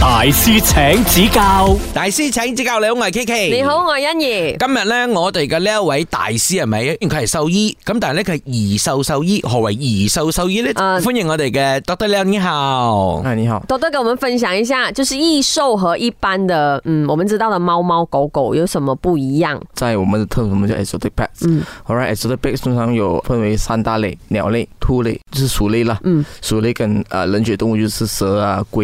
大師請指教，大師請指教。你好，我係 Kiki。你好，我係欣怡。今日咧，我哋嘅呢一位大師係咪？因為佢係獸醫，咁但係咧，佢係異獸獸醫。何謂異獸獸醫咧？Uh, 歡迎我哋嘅 Dr. Leow，你好。係、uh, 你好，Dr. Leow，跟我們分享一下，就是異獸和一般的嗯，我們知道的貓貓狗狗有什麼不一樣？在我們的特色，我們叫 exotic pets。嗯，好啦，exotic pets 通常有分為三大類：鳥類、兔類，就是鼠類啦。嗯、鼠類跟啊冷血動物，就是蛇啊、龜。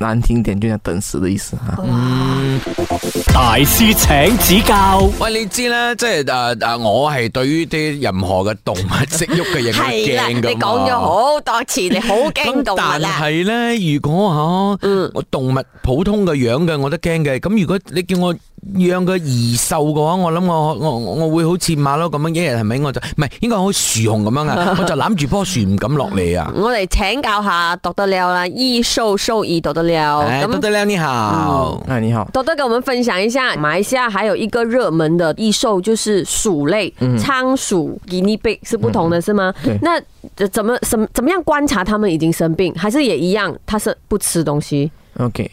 難聽點就是，等死嘅意思吓，嗯，大師請指教。喂，你知啦。即係誒誒，我係對於啲任何嘅動物識喐嘅嘢，係驚噶。係你講咗好多次，你好驚動 但係咧，如果吓，呃，我動物普通嘅樣嘅我都驚嘅。咁如果你叫我。養個異獸嘅話，我諗我我我會好似馬騮咁樣一日，係咪我就唔係應該好似樹熊咁樣啊？ 我就攬住棵樹唔敢落嚟啊！我嚟請教下，讀得了啦，異獸獸醫讀得了。哎，那得了你好，嗯、哎你好，讀得跟我們分享一下。馬來西亞還有一個熱門的異獸就是鼠類，倉、嗯、哼鼠、Guinea pig 是不同的是嗎？嗯、對那怎麼什怎麼樣觀察它們已經生病，還是也一樣？它是不吃東西。OK。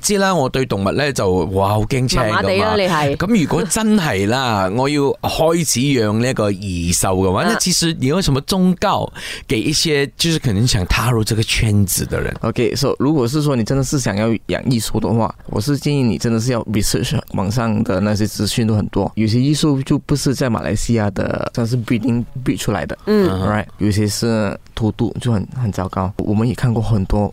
知啦，我對動物呢就哇好驚青噶嘛。咁 如果真係啦，我要開始養呢一個異獸嘅話，其實你有什麼忠告，給一些就是可能想踏入這個圈子的人？O、okay, K，so 如果是說你真的是想要養異獸嘅話，我是建議你真的是要 research 網上的那些資訊都很多，有些異獸就不是在馬來西亞的，它是 b be 一 i n g b i 出來的，嗯、uh huh.，right，有些是偷渡就很很糟糕，我們也看過很多。